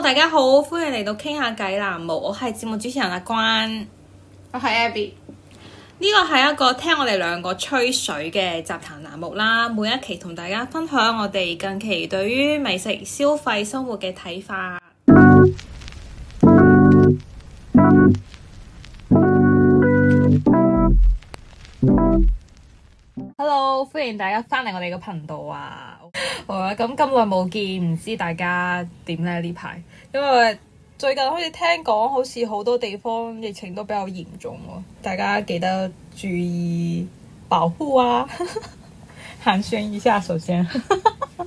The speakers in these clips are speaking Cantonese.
大家好，歡迎嚟到傾下偈欄目，我係節目主持人阿關，我係 Abby，呢個係一個聽我哋兩個吹水嘅雜談欄目啦，每一期同大家分享我哋近期對於美食消費生活嘅睇法。Hello，歡迎大家翻嚟我哋嘅頻道啊！好啊，咁咁耐冇見，唔知大家點咧呢排，因為最近好似聽講，好似好多地方疫情都比較嚴重啊，大家記得注意保護啊！寒暄一下，首先，咁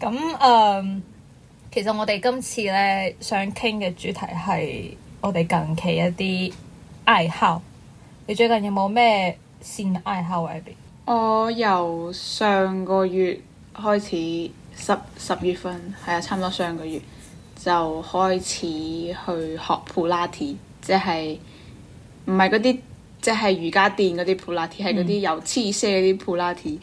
誒，其實我哋今次咧想傾嘅主題係我哋近期一啲愛好，你最近有冇咩？我由上個月開始十，十十月份，係啊，差唔多上個月就開始去學普拉提，即係唔係嗰啲即係瑜伽墊嗰啲普拉提，係嗰啲有黐線嗰啲普拉提。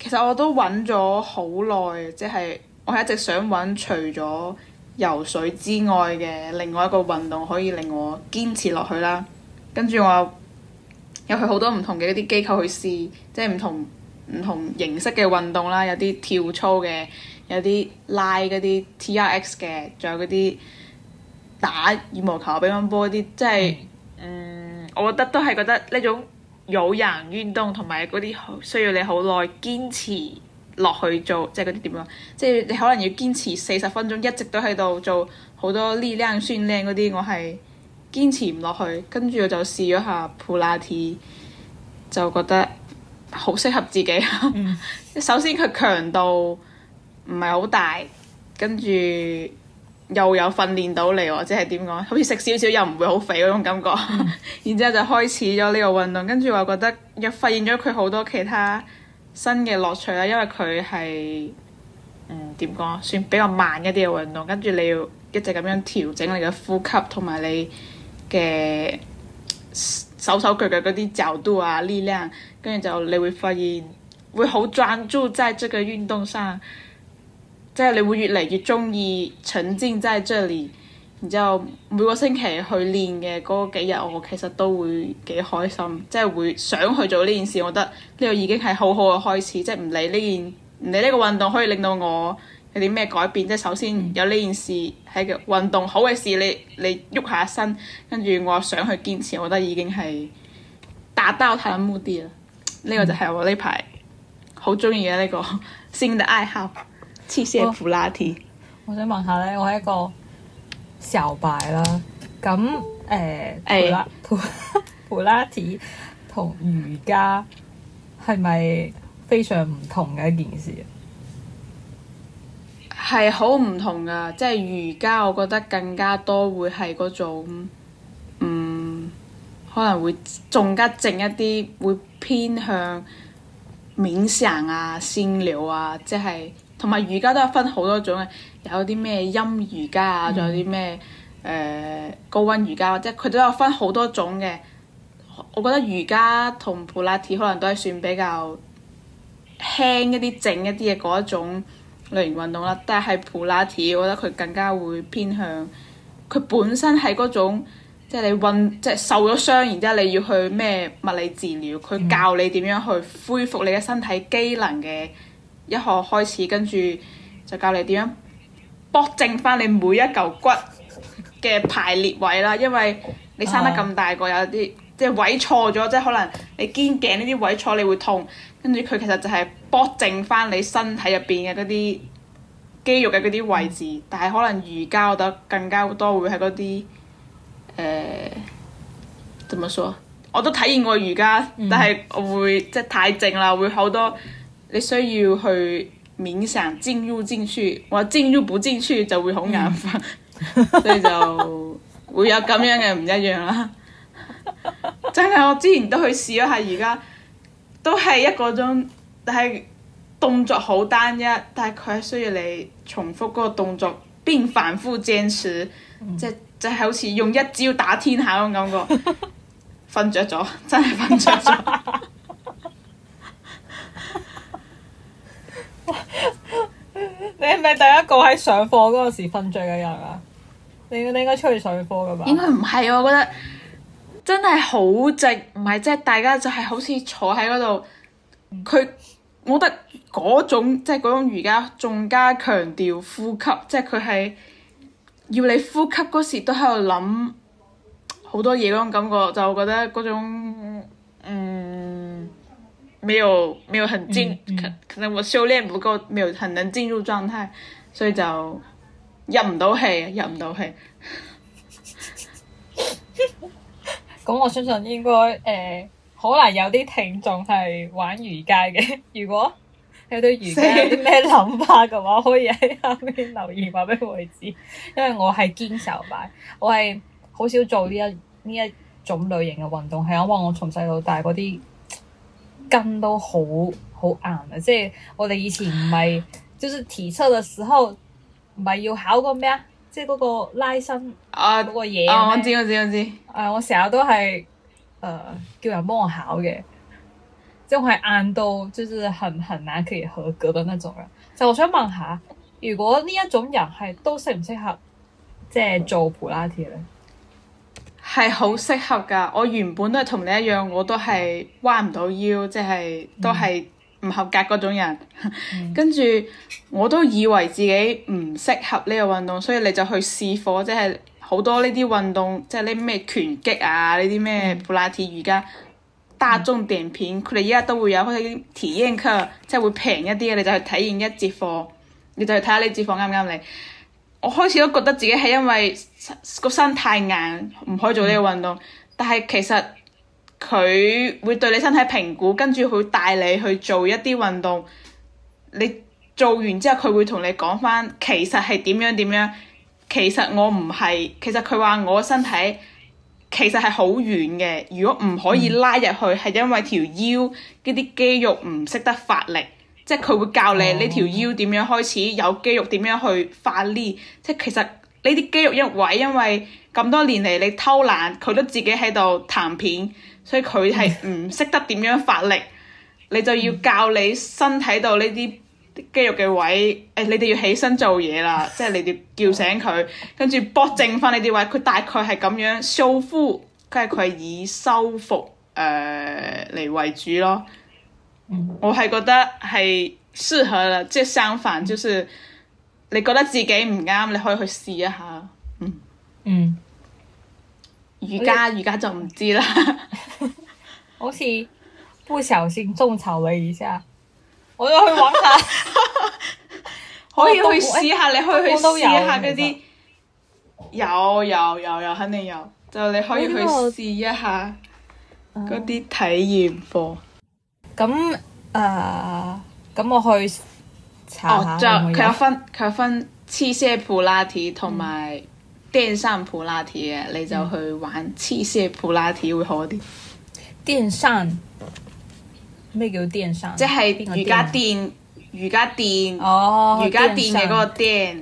其實我都揾咗好耐，即係我係一直想揾除咗游水之外嘅另外一個運動可以令我堅持落去啦。跟住我。有去好多唔同嘅嗰啲機構去試，即係唔同唔同形式嘅運動啦，有啲跳操嘅，有啲拉嗰啲 TRX 嘅，仲有嗰啲打羽毛球、乒乓波啲，即係嗯，嗯，我覺得都係覺得呢種有氧運動同埋嗰啲需要你好耐堅持落去做，即係嗰啲點啊？即係你可能要堅持四十分鐘，一直都喺度做好多力量訓練嗰啲，我係。堅持唔落去，跟住我就試咗下普拉提，就覺得好適合自己。嗯、 首先佢強度唔係好大，跟住又有訓練到你，或者係點講？好似食少少又唔會好肥嗰種感覺。嗯、 然之後就開始咗呢個運動，跟住我覺得又發現咗佢好多其他新嘅樂趣啦。因為佢係嗯點講，算比較慢一啲嘅運動，跟住你要一直咁樣調整你嘅呼吸同埋你。嘅手手腳腳嗰啲角度啊，力量，跟住就你會發現會好專注在這個運動上，即係你會越嚟越鍾意沉浸在這裡，然之後每個星期去練嘅嗰幾日，我其實都會幾開心，即係會想去做呢件事。我覺得呢個已經係好好嘅開始，即係唔理呢件唔理呢個運動可以令到我。有啲咩改變？即係首先有呢件事喺個運動好嘅事，你你喐下身，跟住我想去堅持，我覺得已經係達到佢嘅目的啦。呢、嗯、個就係我呢排好中意嘅呢個新的愛好——器械、嗯、普拉提。Oh, 我想問下咧，我係一個小白啦，咁誒、欸、普拉、欸、普普拉提同瑜伽係咪非常唔同嘅一件事？係好唔同㗎，即係瑜伽，我覺得更加多會係嗰種，嗯，可能會仲加靜一啲，會偏向冥想啊、仙療啊，即係同埋瑜伽都有分好多種嘅，有啲咩陰瑜伽啊，仲有啲咩誒高溫瑜伽，即係佢都有分好多種嘅。我覺得瑜伽同普拉提可能都係算比較輕一啲、靜一啲嘅嗰一種類型運動啦，但係普拉提，我覺得佢更加會偏向，佢本身係嗰種，即係你運，即係受咗傷，然之後你要去咩物理治療，佢教你點樣去恢復你嘅身體機能嘅一學開始，跟住就教你點樣駁正翻你每一嚿骨嘅排列位啦，因為你生得咁大個，有啲、啊、即係位錯咗，即係可能你肩頸呢啲位錯，你會痛。跟住佢其實就係幫正翻你身體入邊嘅嗰啲肌肉嘅嗰啲位置，嗯、但係可能瑜伽我覺得更加多會係嗰啲誒，呃、怎麼說？我都體驗過瑜伽，嗯、但係我會即係太靜啦，會好多你需要去冥想進入進去，我進入不進去就會好眼瞓，嗯、 所以就會有咁樣嘅唔一樣啦。 真係我之前都去試咗下瑜伽。都係一個鐘，但係動作好單一，但係佢係需要你重複嗰個動作，並反覆堅持，嗯、即係即係好似用一招打天下噉感覺。瞓着咗，真係瞓着咗。 你係咪第一個喺上課嗰陣時瞓着嘅人啊？你你應該出去上課㗎吧？應該唔係，我覺得。真係好值，唔係即係大家就係好似坐喺嗰度，佢我覺得嗰種即係嗰種瑜伽仲加強調呼吸，即係佢係要你呼吸嗰時都喺度諗好多嘢嗰種感覺，就覺得嗰種嗯沒有沒有很進，嗯嗯、可能我修煉唔夠，沒有很能進入狀態，所以就入唔到氣入唔到氣。咁我相信應該誒、呃，可能有啲聽眾係玩瑜伽嘅。如果對、有對瑜伽有啲咩諗法嘅話， 可以喺下面留言話畀我知，因為我係堅守埋，我係好少做呢一呢一種類型嘅運動。係因為我從細到大嗰啲筋都好好硬啊！即係我哋以前唔係，就是體測嘅時候唔係要考個咩啊？即係嗰個拉伸啊嗰、uh, 個嘢、uh, 我知我知我知，誒、呃、我成日都係誒、呃、叫人幫我考嘅，即係我係硬到，即是，就是很很難可以合格的那種人。就我想問下，如果呢一種人係都適唔適合即係做普拉提咧？係好適合噶，我原本都係同你一樣，我都係彎唔到腰，即、就、係、是、都係、嗯。唔合格嗰種人， 跟住我都以為自己唔適合呢個運動，所以你就去試課，即係好多呢啲運動，即係呢啲咩拳擊啊，呢啲咩普拉提瑜伽，大眾點評佢哋而家都會有開始體驗課，即係會平一啲嘅，你就去體驗一節課，你就去睇下呢節課啱唔啱你。我開始都覺得自己係因為個身太硬，唔可以做呢個運動，嗯、但係其實。佢會對你身體評估，跟住佢帶你去做一啲運動。你做完之後，佢會同你講翻，其實係點樣點樣。其實我唔係，其實佢話我身體其實係好軟嘅。如果唔可以拉入去，係、嗯、因為條腰嗰啲肌肉唔識得發力，即係佢會教你呢條、哦、腰點樣開始有肌肉，點樣去發力。即係其實呢啲肌肉因為因為咁多年嚟你偷懶，佢都自己喺度彈片。所以佢係唔識得點樣發力， 你就要教你身體度呢啲肌肉嘅位，誒、哎、你哋要起身做嘢啦，即係你哋叫醒佢，跟住搏正翻你啲位。佢大概係咁樣，收腹，即係佢係以收腹誒嚟為主咯。我係覺得係適合啦，即係相反，就是你覺得自己唔啱，你可以去試一下。嗯嗯。瑜伽瑜伽就唔知啦 像，好似不小心種草了一下，我要去玩下，可以去試下，你可以去試一下嗰啲。有有有有，肯定有，就你可以去試一下嗰啲體驗課。咁誒、哦、咁、呃、我去查下，佢、哦、分，佢分器械普拉提同埋。電上普拉提嘅，你就去玩器械普拉提會好啲。電上，咩叫電上？即係瑜伽墊上，瑜伽墊，哦、瑜伽墊嘅嗰個墊。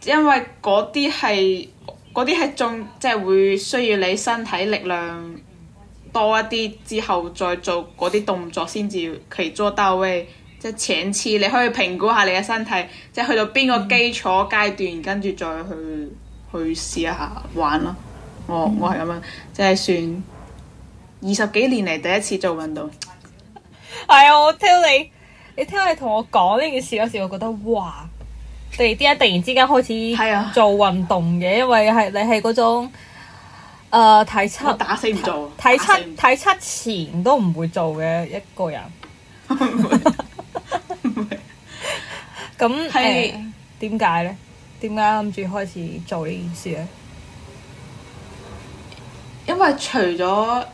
上因為嗰啲係，嗰啲係仲即係會需要你身體力量多一啲之後再做嗰啲動作先至可以做到位。即係前次你可以評估下你嘅身體，即係去到邊個基礎階段，跟住再去去試一下玩咯。我、嗯、我係咁樣，即係算二十幾年嚟第一次做運動。係啊、哎，我聽你，你聽你同我講呢件事嗰時，我覺得哇，你點解突然之間突然之間開始、哎、呀做運動嘅，因為係你係嗰種誒、呃、體測打死唔做，體測七體測前都唔會做嘅一個人。 咁係點解呢？點解諗住開始做呢件事呢？因為除咗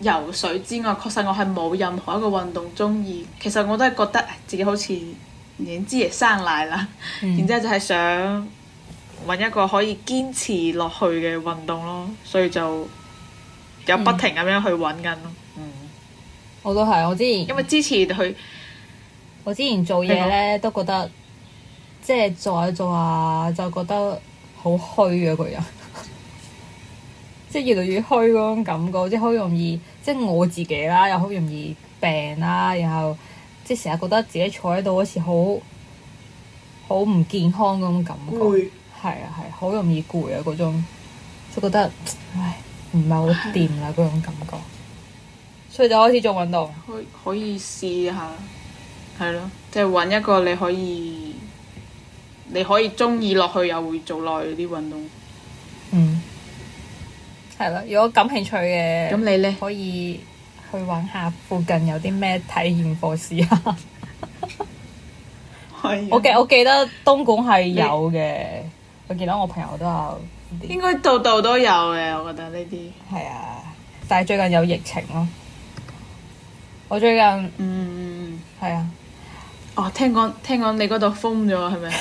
游水之外，確實我係冇任何一個運動鍾意。其實我都係覺得自己好似年之亦生曬啦。嗯、然之後就係想揾一個可以堅持落去嘅運動咯，所以就有不停咁樣去揾緊。嗯，嗯，我都係。我之前因為之前去、嗯，我之前做嘢呢，好都覺得。即係做下做下，就覺得好虛啊！個人 即係越嚟越虛嗰種感覺，即係好容易。即係我自己啦，又好容易病啦、啊，然後即係成日覺得自己坐喺度好似好好唔健康嗰種感覺，係啊係，好容易攰啊嗰種，就覺得唉唔係好掂啦嗰種感覺，的所以就開始做運動，可以，可以試下，係咯，即係揾一個你可以。你可以中意落去，又會做耐啲運動。嗯，係咯，如果感興趣嘅，咁你咧可以去玩下附近有啲咩體驗課試 啊。可以。我記我記得東莞係有嘅，你我見到我朋友都有。應該度度都有嘅，我覺得呢啲。係啊，但係最近有疫情咯。我最近，嗯，係啊。哦，聽講聽講，你嗰度封咗係咪？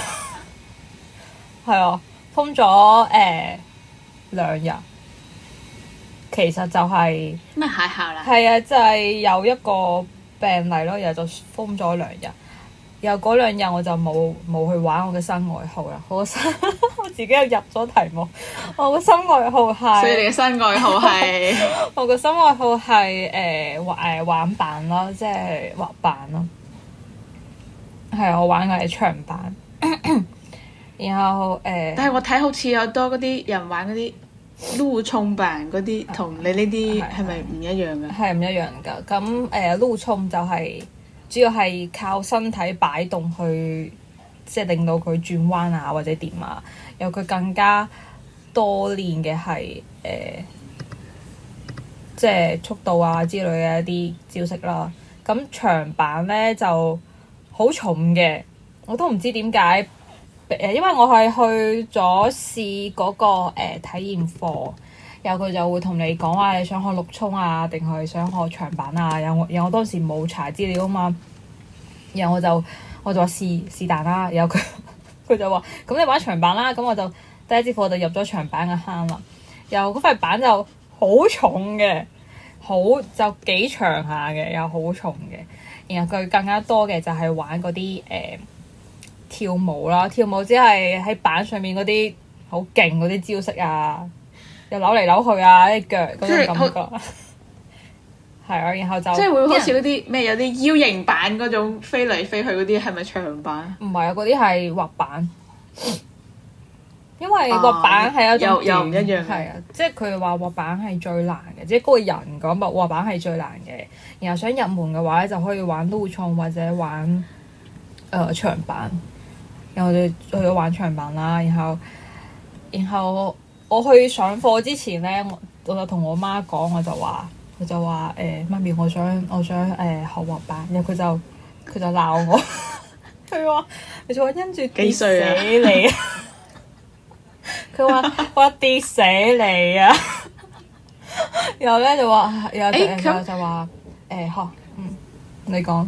係啊，封咗誒、欸、兩日，其實就係咩解下啦？係啊， 就係、是、有一個病例咯，然後就封咗兩日。然後嗰兩日我就冇冇去玩我嘅新愛好啦。好心 我自己又入咗題目。我個新愛好係。所以你嘅新愛好係 我個新愛好係誒誒玩板咯，即係滑板咯。係啊，我玩嘅係長板。咳咳然後誒，呃、但係我睇好似有多嗰啲人玩嗰啲陸衝板嗰啲，同、啊、你呢啲係咪唔一樣嘅、啊？係唔一樣噶。咁誒陸衝就係主要係靠身體擺動去，即、就、係、是、令到佢轉彎啊，或者點啊。有佢更加多練嘅係誒，即、呃、係、就是、速度啊之類嘅一啲招式啦、啊。咁長板咧就好重嘅，我都唔知點解。誒，因為我係去咗試嗰、那個誒、欸、體驗課，然後佢就會同你講話、啊，你想學陸衝啊，定係想學長板啊？然後我，然我當時冇查資料啊嘛，然後我就我就話是是但啦。然後佢佢 就話，咁你玩長板啦。咁我就第一節課就入咗長板嘅坑啦。然後嗰塊板就好重嘅，好就幾長下嘅，又好重嘅。然後佢更加多嘅就係玩嗰啲誒。欸跳舞啦，跳舞只係喺板上面嗰啲好勁嗰啲招式啊，又扭嚟扭去啊，一腳嗰種感覺。係啊， 然後就即係會，會好似嗰啲咩有啲 U 型板嗰種飛嚟飛去嗰啲，係咪長板？唔係啊，嗰啲係滑板。 因為個板係一種唔、啊、一樣。係啊，即係佢話滑板係最難嘅，即係個人講話滑板係最難嘅。然後想入門嘅話咧，就可以玩陸衝或者玩誒、呃、長板。然後就去咗玩長板啦，然後然後我去上課之前咧，我我就同我媽講，我就話，我就話，誒、欸，媽咪我，我想我想誒學滑板，然後佢就佢就鬧我 說，佢話，佢 就話因住跌死你，佢話我跌死你啊，然後咧就話，然後、欸、然後就話，誒、欸，嗬，嗯，你講，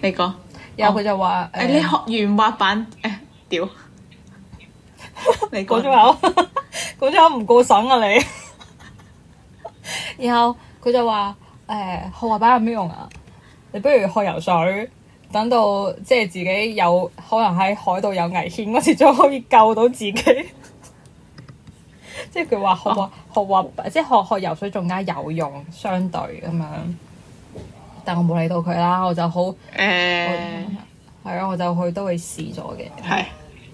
你講。然後佢就話：誒，oh. uh, 你學完滑板，誒屌 上！嗰張口，嗰張口唔過審啊你。 然後佢就話：誒，學滑板有咩用啊？你不如學游水，等到即係自己有可能喺海度有危險嗰時，仲可以救到自己 即。即係佢話學、oh. 學學滑即係學學游水，仲加有用，相對咁樣。Oh. 但我冇理到佢啦，我就好誒，係咯、uh 啊，我就去都會試咗嘅。係是，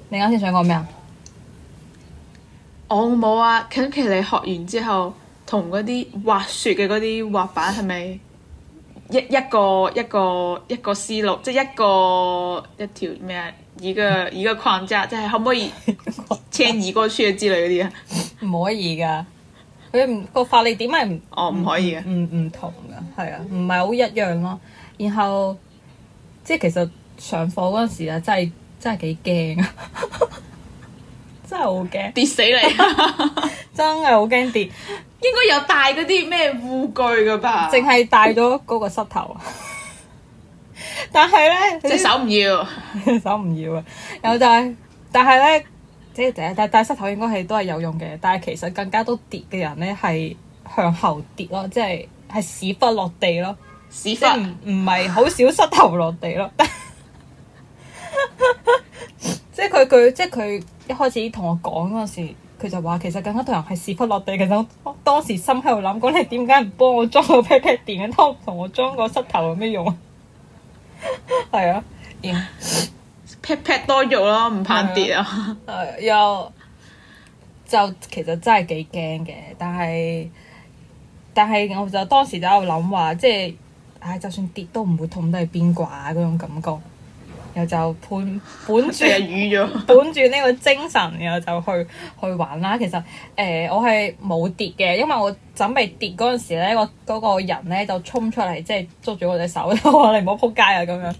你啱先想講咩啊？我冇啊，近期你學完之後，同嗰啲滑雪嘅嗰啲滑板係咪 一一個一個一個思路，即係一個一條咩啊？一個一個框架，即係 可唔可以遷移過嚟啊之類嗰啲啊？唔 可以㗎。佢唔，個發力點咪唔，哦，唔可以啊，唔，唔同噶，係啊，唔係好一樣咯。然後即係其實上課嗰陣時啊，真係 真係幾驚啊！真係好驚跌死你！ 真係好驚跌，應該有帶嗰啲咩護具噶吧？淨係帶咗嗰個膝頭，但係咧隻手唔要，隻手唔要啊！有帶，但係咧。即係第一，但係帶膝頭應該係都係有用嘅，但係其實更加多跌嘅人咧係向後跌咯，即係係屎忽落地咯，屎忽唔唔係好少膝頭落地咯。 即係佢佢即係佢一開始同我講嗰時，佢就話其實更加多人係屎忽落地嘅。我當時心喺度諗，講你點解唔幫我裝個 pat pat 墊嘅？當同我，我裝個膝頭有咩用啊？係 啊，應。Yeah. 劈劈多肉咯，唔的怕跌啊！又就其實真係幾驚嘅，但係但係我就當時就喺度諗話，即係唉，就算跌都唔會痛得去邊啩嗰種感覺。又就盤盤住啊，盤住呢個精神，然後就去去玩啦。其實誒、呃，我係冇跌嘅，因為我準備跌嗰陣時咧，我嗰、嗰個人咧就衝出嚟，即、就、係、係、捉住我隻手，我話你唔好扑街啊！咁樣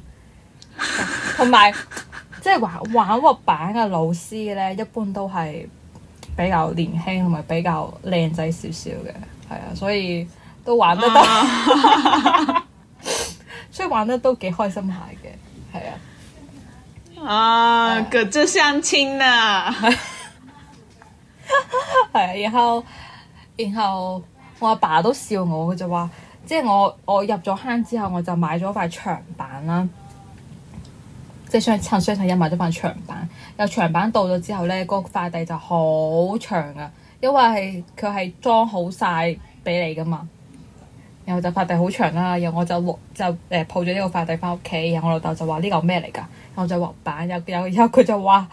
同埋。 有 即係玩玩個板嘅老師咧，一般都係比較年輕同埋比較靚仔少少嘅，係啊，所以都玩得多，啊、 所以玩得都幾開心下嘅，係啊。啊的，個真相親啊！係， 然後然後我阿爸都笑我，佢就話：即係我我入咗坑之後，我就買咗塊長板啦。即係想趁雙十一買咗塊長板，有長板到咗之後咧，嗰個快遞就好長啊，因為佢係裝好晒俾你噶嘛。然後就快遞好長啦，這個，然後我就就誒抱咗呢個快遞翻屋企，然後我老豆就話：呢個咩嚟㗎我就滑板，有然後佢就話：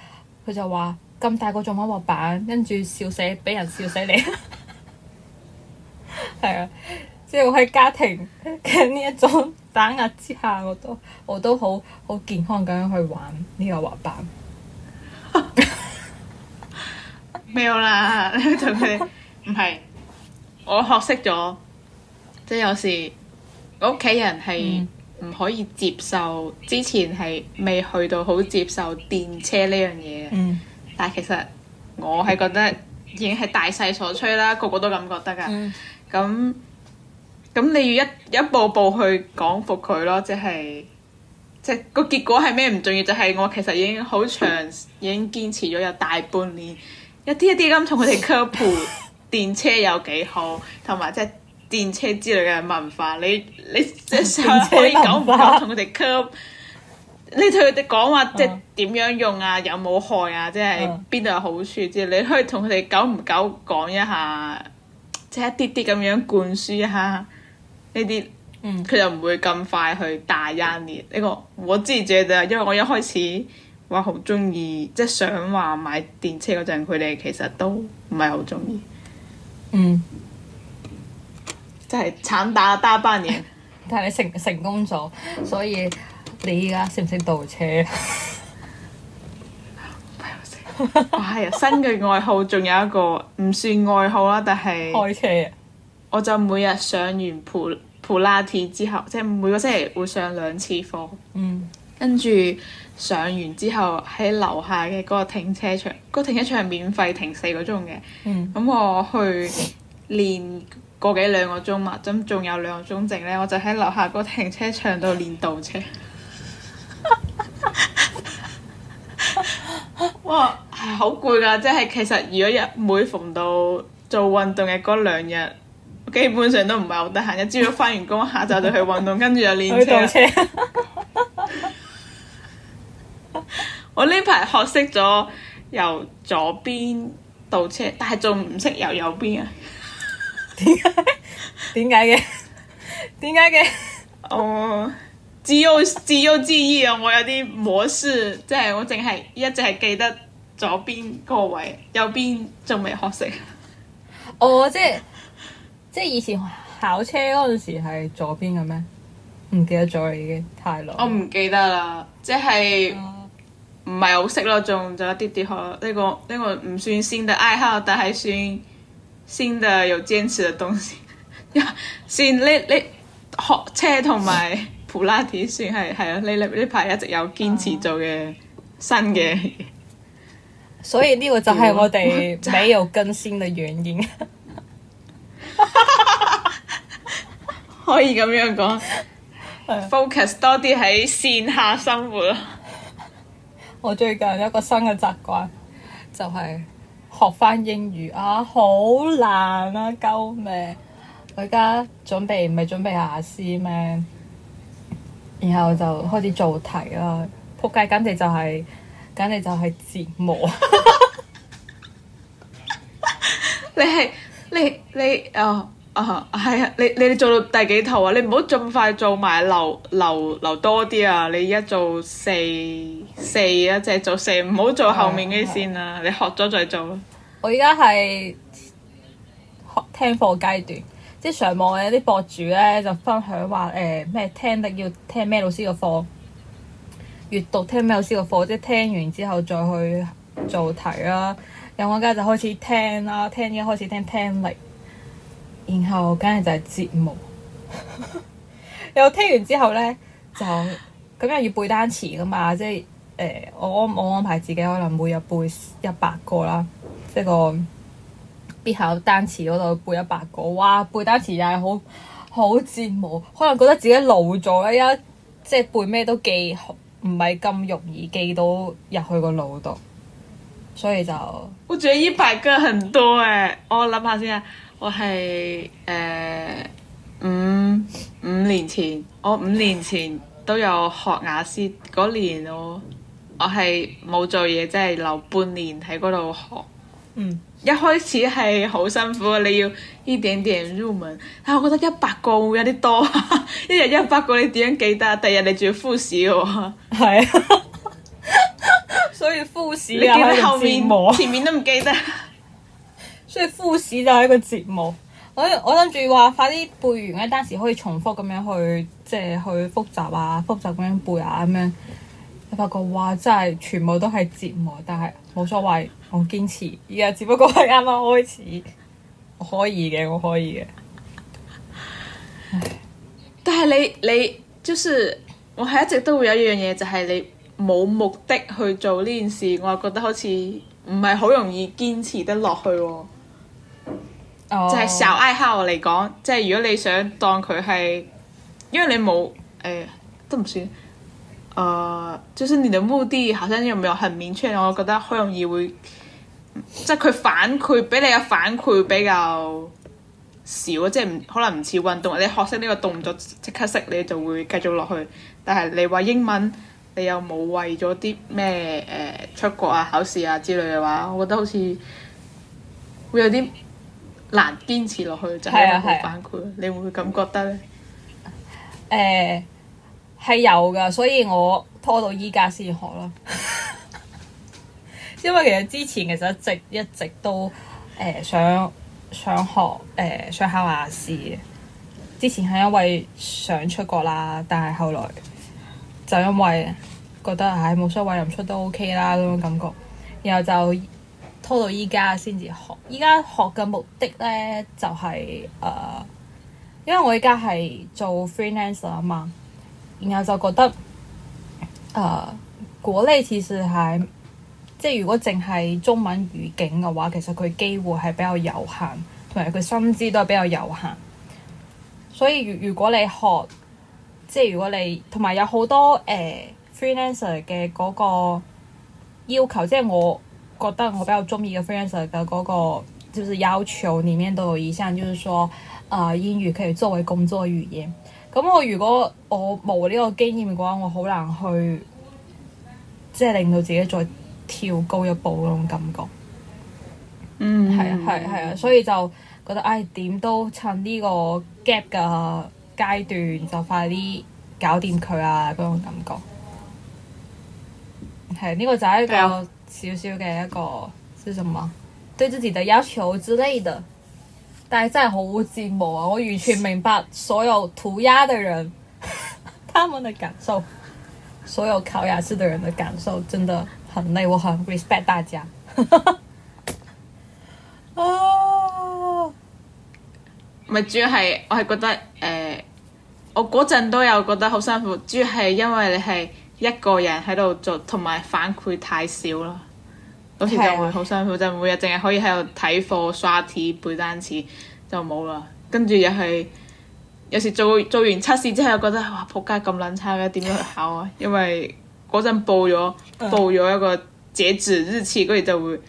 佢就話咁大個做乜滑板跟住笑死，俾人笑死你。係 啊，即係我喺家庭嘅呢一種。打壓之下，我都我都好好健康咁樣去玩呢個滑板。冇啦， 就係唔係我學識咗，即係有時我屋企人係唔可以接受，嗯、之前係未去到好接受電車呢樣嘢。嗯、但係其實我係覺得已經係大勢所趨啦，個個都咁覺得噶。嗯，咁。咁你要一一步步去講服佢咯，即係即個結果係咩唔重要，就係、是、我其實已經好長、嗯、已經堅持咗有大半年，嗯、一啲一啲咁同佢哋科普電車有幾好，同埋即係電車之類嘅文化，你你即係上你久唔久同佢哋科普？你同佢哋講話即係點樣用啊？嗯、有冇害啊？即係邊度有好處？即係、嗯、你可以同佢哋久唔久講一下，即、就、係、是、一啲啲咁樣灌輸一下。呢啲佢又唔會咁快去大一年呢個，我知啫，就係因為我一開始話好中意，即係想話買電車嗰陣，佢哋其實都唔係好中意。嗯，就係慘打打班年，但係你成成功咗，所以你依家識唔識倒車？我 識、 哎。新嘅愛好仲有一個，唔算愛好啦，但係開車啊！我就每日上完普普拉提之後，即係每個星期會上兩次課。嗯、跟住上完之後喺樓下嘅嗰個停車場，嗰、那個、停車場係免費停四個鐘嘅。嗯，咁我去練個幾兩個鐘嘛，咁仲有兩個鐘剩呢，我就喺樓下嗰停車場度練倒車。 哇，係、嗯、好攰噶！即係其實如果日每逢到做運動嘅嗰兩日。基本上都唔係好得閒，一朝早翻完工下晝就去運動， 跟住又練車。車 我呢排學識咗由左邊倒車，但係仲唔識由右邊啊，點 解？點解嘅？點解嘅？哦、 oh，肌肉肌肉記憶啊！O G e, 我有啲模式，即係 我淨係一直係記得左邊個位，右邊仲未學識。哦、oh，即係。即係以前考車嗰陣時係左邊嘅咩？唔記得咗啦，已經太耐。我唔記得啦，即係唔係好識咯，仲有啲啲學呢個呢、呢個唔算新嘅愛好，但係算新嘅有堅持嘅東西。 算呢呢學車同埋普拉提算係，係啊，呢呢呢排一直有堅持做嘅新嘅。啊、 所以呢個就係我哋沒有更新嘅原因。 可以咁樣講 ，focus 多啲喺線下生活。 我最近一個新嘅習慣就係、是、學返英語啊，好難啊，救命！我而家準備唔係準備雅思咩？然後就開始做題啦，仆街，簡直就係、是，簡直就係折磨。 你係你你啊？你哦啊，係啊！你你哋做到第幾套啊？你唔好咁快做埋，留留留多啲啊！你一做四四啊，即係做四，唔好做後面嗰啲先啊。Uh huh. 你學咗再做。我而家係學聽課階段，即係上網有啲博主咧就分享話誒咩聽力要聽咩老師嘅課，閱讀聽咩老師嘅課，即、就、係、是、聽完之後再去做題啦、啊。咁我而家就開始聽啦、啊，聽而家開始聽聽力。聽聽聽聽聽然後梗係就係節目， 又聽完之後呢，就咁又要背單詞噶嘛，即係誒、呃、我我，我安排自己可能每日背一百個啦，即個必考單詞嗰度背一百個，哇背單詞又係好好折磨，可能覺得自己老咗啦，即係背咩都記唔係咁容易記到入去個腦度，所以就我覺得一百個很多誒，我諗下先啊。我係誒、呃、五五年前，我五年前都有學雅思嗰年我，我我係冇做嘢，即係留半年喺嗰度學。嗯，一開始係好辛苦，你要一點點入門。吓，我覺得一百個會有啲多， 一日一百個你點樣記得？第日你仲要複習嘅喎。係啊，所以複習！你記得後面前面都唔記得。 所以呼市就係一個節目，我我諗住話快啲背完咧，當時可以重複咁樣去，即係去複習啊，複習咁樣背啊，咁樣，你發覺哇，真係全部都係折磨，但係冇所謂，我堅持，而家只不過係啱啱開始。我可以嘅，我可以嘅。以但係你你，就是我係一直都會有一樣嘢，就係、是、你冇目的去做呢件事，我係覺得好似唔係好容易堅持得落去、啊。Oh. 就係小愛好嚟講，即、就、係、是、如果你想當佢係，因為你冇誒、欸、都唔算，誒、呃，就算、是、你的目的好像又沒有很明確，我覺得好容易會，即係佢反饋俾你嘅反饋比較少，即係唔可能唔似運動，你學識呢個動作即刻識你就會繼續落去，但係你話英文，你又冇為咗啲咩誒出國啊、考試啊之類嘅話，我覺得好似會有啲難堅持落去就係、啊，好反饋，你會唔會咁覺得咧？誒、欸，係有噶，所以我拖到依家先學咯。 因為其實之前其實一直一直都誒、欸、想想學誒、欸、想考雅思，之前係因為想出國啦，但係後來就因為覺得唉冇所謂唔出都 OK 啦嗰種感覺，然後就。拖到依家先至學，依家學嘅目的咧就係、是、誒、呃，因為我依家係做 freelancer 啊嘛，然後就覺得誒、呃，果咧其實係，即係如果淨係中文語境嘅話，其實佢機會係比較有限，同埋佢薪資都係比較有限。所以如如果你學，即係如果你同埋有好多誒 freelancer 嘅嗰個要求，即係我。覺得我比較中意嘅 France 嘅嗰個，就是要求裏面都有一項，就是說，誒英語可以作為工作嘅語言。咁我如果我冇呢個經驗嘅話，我好難去，即係令到自己再跳高一步嗰種感覺。嗯、mm，係、hmm. 啊，係啊，所以就覺得，唉、哎，點都趁呢個 gap 嘅階段，就快啲搞掂佢啊，嗰種感覺。係啊，呢個就係一個。Yeah. 少少嘅一個，是什麼？對自己的要求之類的，但係真係好折磨啊！我完全明白所有塗鴉嘅人，他們嘅感受，所有考雅思嘅人嘅感受，真的很累。我好 respect 大家。 啊！唔係，主要係，我係覺得，誒、呃，我嗰陣都有覺得好辛苦，主要係因為你係，一個人喺度做，同埋反饋太少啦，到時就會好辛苦。就的每日淨係可以喺度睇課、刷題、背單詞就冇啦。跟住又係有時做做完測試之後，覺得哇撲街咁撚差嘅，點樣去考啊？ 因為嗰陣報咗 報咗一個截止日期，跟住就會。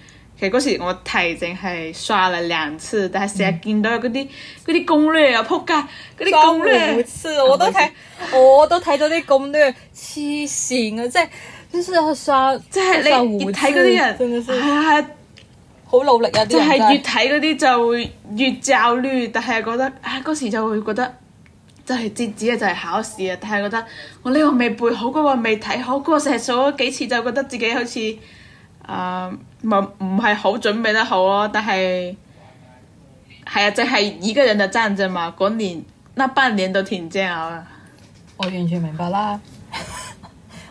嗰時我提淨係刷了兩次，但係成日見到嗰啲嗰啲攻略啊，仆街嗰啲攻略，五次我都睇，我都睇咗啲咁略黐線啊！即係點算刷？即係你越睇嗰啲人，係啊，係好努力啊，即係越睇嗰啲就會越焦慮，但係覺得啊，嗰時就會覺得，就係截止啊，就係考試啊，但係覺得我呢個未背好，嗰個未睇好，嗰個成日做咗幾次，就覺得自己好似啊～、呃唔唔係好準備得好哦，但係係啊，即係一個人嘅戰爭嘛。嗰年那半年都挺煎熬啦。我完全明白啦。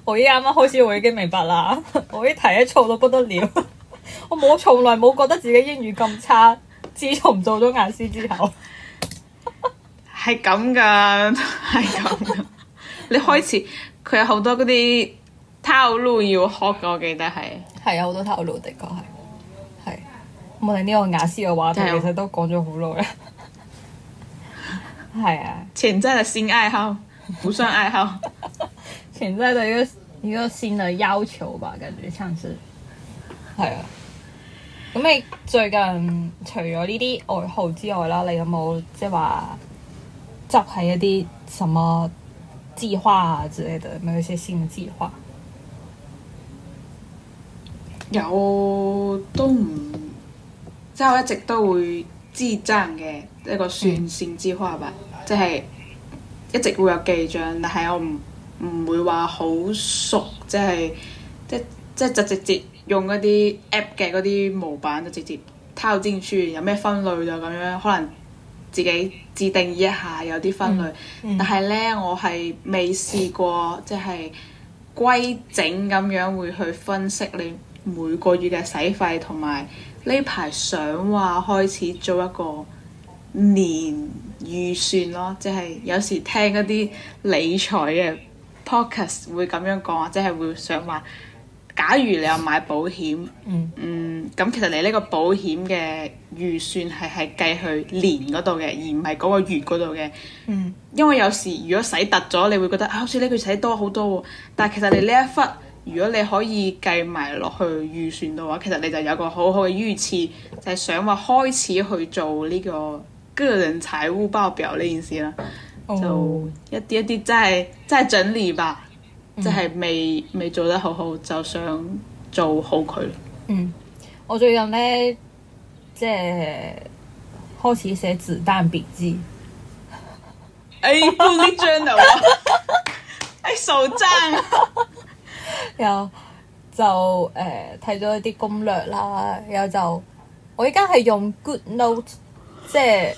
我依啱啱開始我已經明白啦。 我依題一錯都不得了。 我冇，從來冇覺得自己英語咁差。自從做咗雅思之後，係咁噶，係咁噶。 你開始佢有好多嗰啲套路要學噶，我記得係。係啊，好多透露，的確係。係，我哋呢個雅思嘅話題油其實都講咗好耐啦。係 啊的，潛在嘅新愛好，不算愛好， 潛在的一個一個新嘅要求吧，感覺像是係啊。咁你最近除咗呢啲愛好之外啦，你有冇即係話執起一啲什麼計劃啊之類的？有冇一些新嘅計劃？有都唔即係我一直都會支撐嘅一個算線之花吧，即係、嗯即係、一直會有記帳，但係我唔唔會話好熟，即係即即即係即係即係、直接用一啲 app 嘅嗰啲模板就直接套進去，有咩分類就咁樣，可能自己自定一下有啲分類，嗯嗯、但係呢，我係未試過即係歸整咁樣會去分析你每個月嘅使費同埋呢排想話開始做一個年預算咯，即係有時聽一啲理財嘅 Podcast 會咁樣講，或者係會想話，假如你有買保險，嗯，咁、嗯、其實你呢個保險嘅預算係係計去年嗰度嘅，而唔係嗰個月嗰度嘅，嗯、因為有時如果使突咗，你會覺得、啊、好似呢個使多好多喎，但係其實你呢一忽。如果你可以計埋落去預算嘅話，其實你就有一個好好嘅預設，就係、是、想話開始去做呢個個人財務報表呢件事啦。Oh. 就一啲一啲，即係即係整理吧，即係、mm. 未未做得好好，就想做好佢。嗯，mm. 我最近咧即係開始寫子彈筆記。 哎，Bullet Journal 啊！哎，手熟帳。 有就誒睇咗一啲攻略啦，然後就我而家係用 Good Note，即係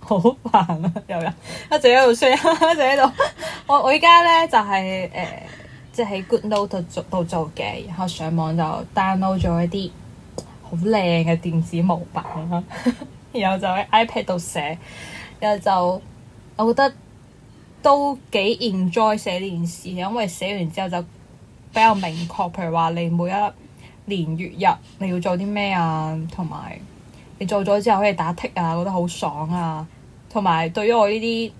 好煩啊！又有人一直喺度 share，一直喺度。 我我而家咧就係、是、誒、呃，即係喺 Good Note 做度做嘅，然後上網就 download 咗一啲好靚嘅電子模板啦， 然後就喺 iPad 度寫，然後就我覺得。都幾 enjoy 寫呢件事，因為寫完之後就比較明確，譬如話你每一年月日你要做啲咩啊，同埋你做咗之後可以打 tick 啊，覺得好爽啊，同埋對於我呢啲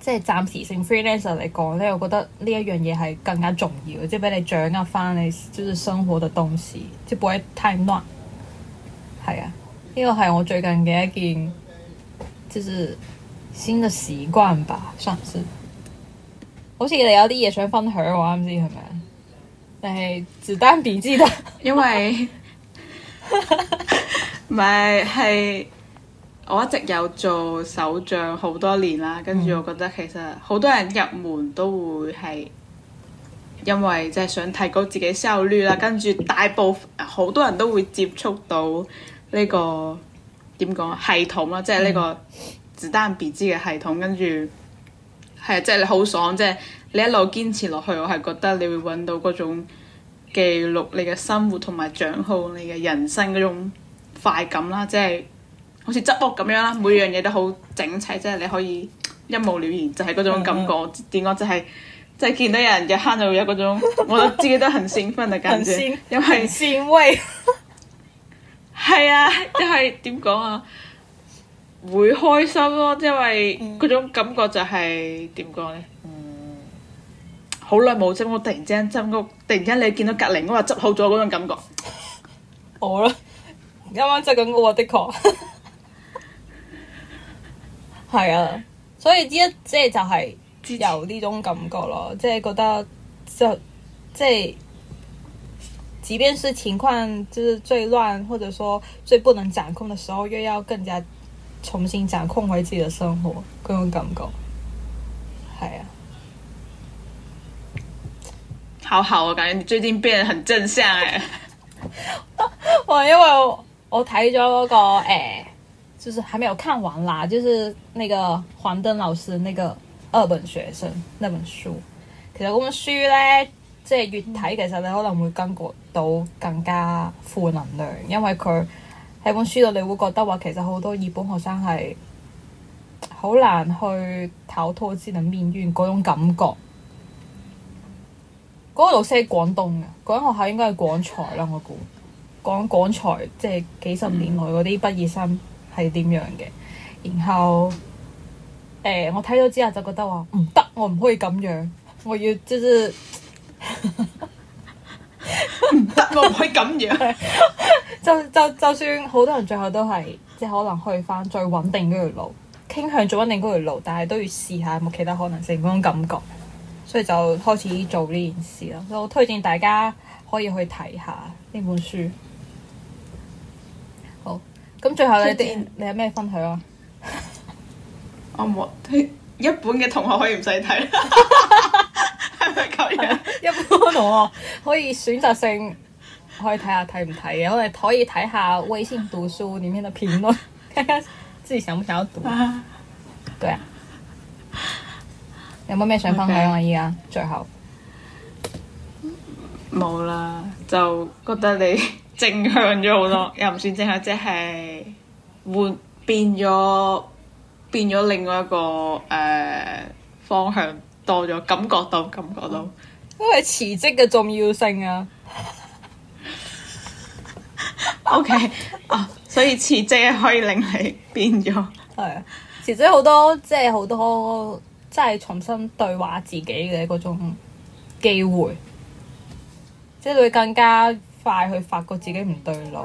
即係暫時性 freelancer 嚟講咧，我覺得呢一樣嘢係更加重要，即係俾你掌握翻你就是生活嘅東西，即係不會太亂。係啊，呢、這個係我最近嘅一件，即、就是。新的習慣吧，上次好似你有啲嘢想分享，我啱知係咪，但係子彈筆記的，因為唔係係我一直有做手賬好多年啦，跟住我覺得其實好多人入門都會係因為即係想提高自己效率啦，跟住大部分好多人都會接觸到呢、呢個點講系統啦，即係呢個。 子彈筆記嘅系統，跟住係即係你好爽，即係你一路堅持落去，我係覺得你會揾到嗰種記錄你嘅生活同埋掌控你嘅人生嗰種快感啦，即係好似執屋咁樣啦，每樣嘢都好整齊，即係你可以一目了然，就係嗰種感覺。點講 就係即係見到有人日黑就會有嗰種，我自己都很興奮啊！簡直，因為仙威係啊，就係點講啊？會開心咯、哦，因為嗰種感覺就係點講呢？好耐冇執屋，突然之間執屋，突然之間你見到隔籬屋啊執好咗嗰種感覺，好咯，啱啱執緊屋啊，的確，係啊，所以呢一即係就係有呢種感覺咯，即、就、係、是、覺得就即係，即便是情況就是最亂，或者說最不能掌控嘅時候，又要更加。重新掌控回自己的生活，嗰種感覺係啊，好好啊！我感覺你最近變得很正向誒。我、 啊、因為我睇咗嗰個誒、欸，就是還沒有看完啦，就是那個黃燈老師那個二本學生那本書。其實嗰本書咧，即、就、係、是、越睇其實咧，可能會感覺到更加負能量，因為佢。喺本書度，你會覺得話，其實好多二本學生係好難去逃脱之能面淵嗰種感覺。嗰、那個老師喺廣東嘅，嗰、那、間、個、學校應該係廣財啦，我估。講廣財即係幾十年內嗰啲畢業生係點樣嘅，嗯、然後誒，我睇咗之後就覺得話唔得，我唔可以咁樣，我要即係唔得，我唔可以咁樣。 就就就算好多人最後都係即係可能去翻最穩定嗰條路，傾向做穩定嗰條路，但係都要試下有冇其他可能性嗰種感覺，所以就開始做呢件事咯。所以我推薦大家可以去睇下呢本書。好，咁最後你哋薦你有咩分享啊？我冇 一本嘅同學可以唔使睇，係咪咁樣？一本的同， 同學可以選擇性。可以睇下睇唔睇嘅，我哋可以睇下微信讀書裏面嘅評論，睇下自己想唔想要讀。對啊，有冇咩想分享啊？依家 Okay. 最後冇啦，就覺得你正向咗好多，又唔算正向，即係換變咗變咗另外一個誒、呃、方向多咗，感覺到感覺到，因為辭職嘅重要性啊。O K，所以辭職可以令你變咗， 係啊，辭職好多即係好多，即係重新對話自己嘅嗰種機會，即係會更加快去發覺自己唔對路，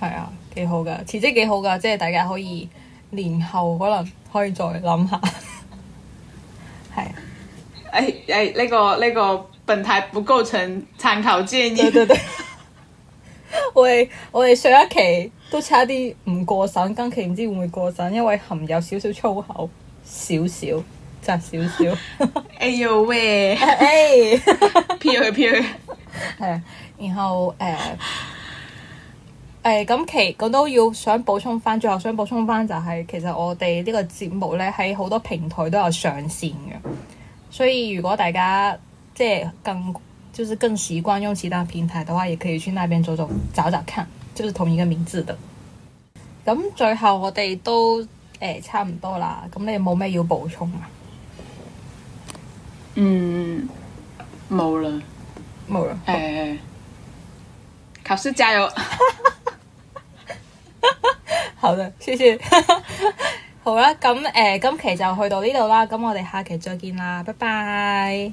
係啊，幾好噶，辭職幾好噶，即係大家可以年後可能可以再諗下，係 對，誒誒、哎，呢個呢個。這個本台不構成參考建議。對對對， 我哋我哋上一期都差啲唔過審，今期唔知會唔會過審，因為含有少少粗口，少少，真少少。 哎喲喂，哎，飄去飄去，係 啊，然後誒，誒、uh，哎，今期我都要想補充翻，最後想補充翻就係、是，其實我哋呢個節目咧喺好多平台都有上綫嘅，所以如果大家，即係更，就是更習慣用其他平台的話，也可以去那邊走走找找看，就是同一個名字的。咁最後我哋都誒、欸、差唔多啦。咁你冇咩要補充啊？嗯，冇啦，冇啦了。誒、哦，考試、欸、加油！ 好的，謝謝。 好啦，咁誒、欸、今期就去到呢度啦。咁我哋下期再見啦，拜拜。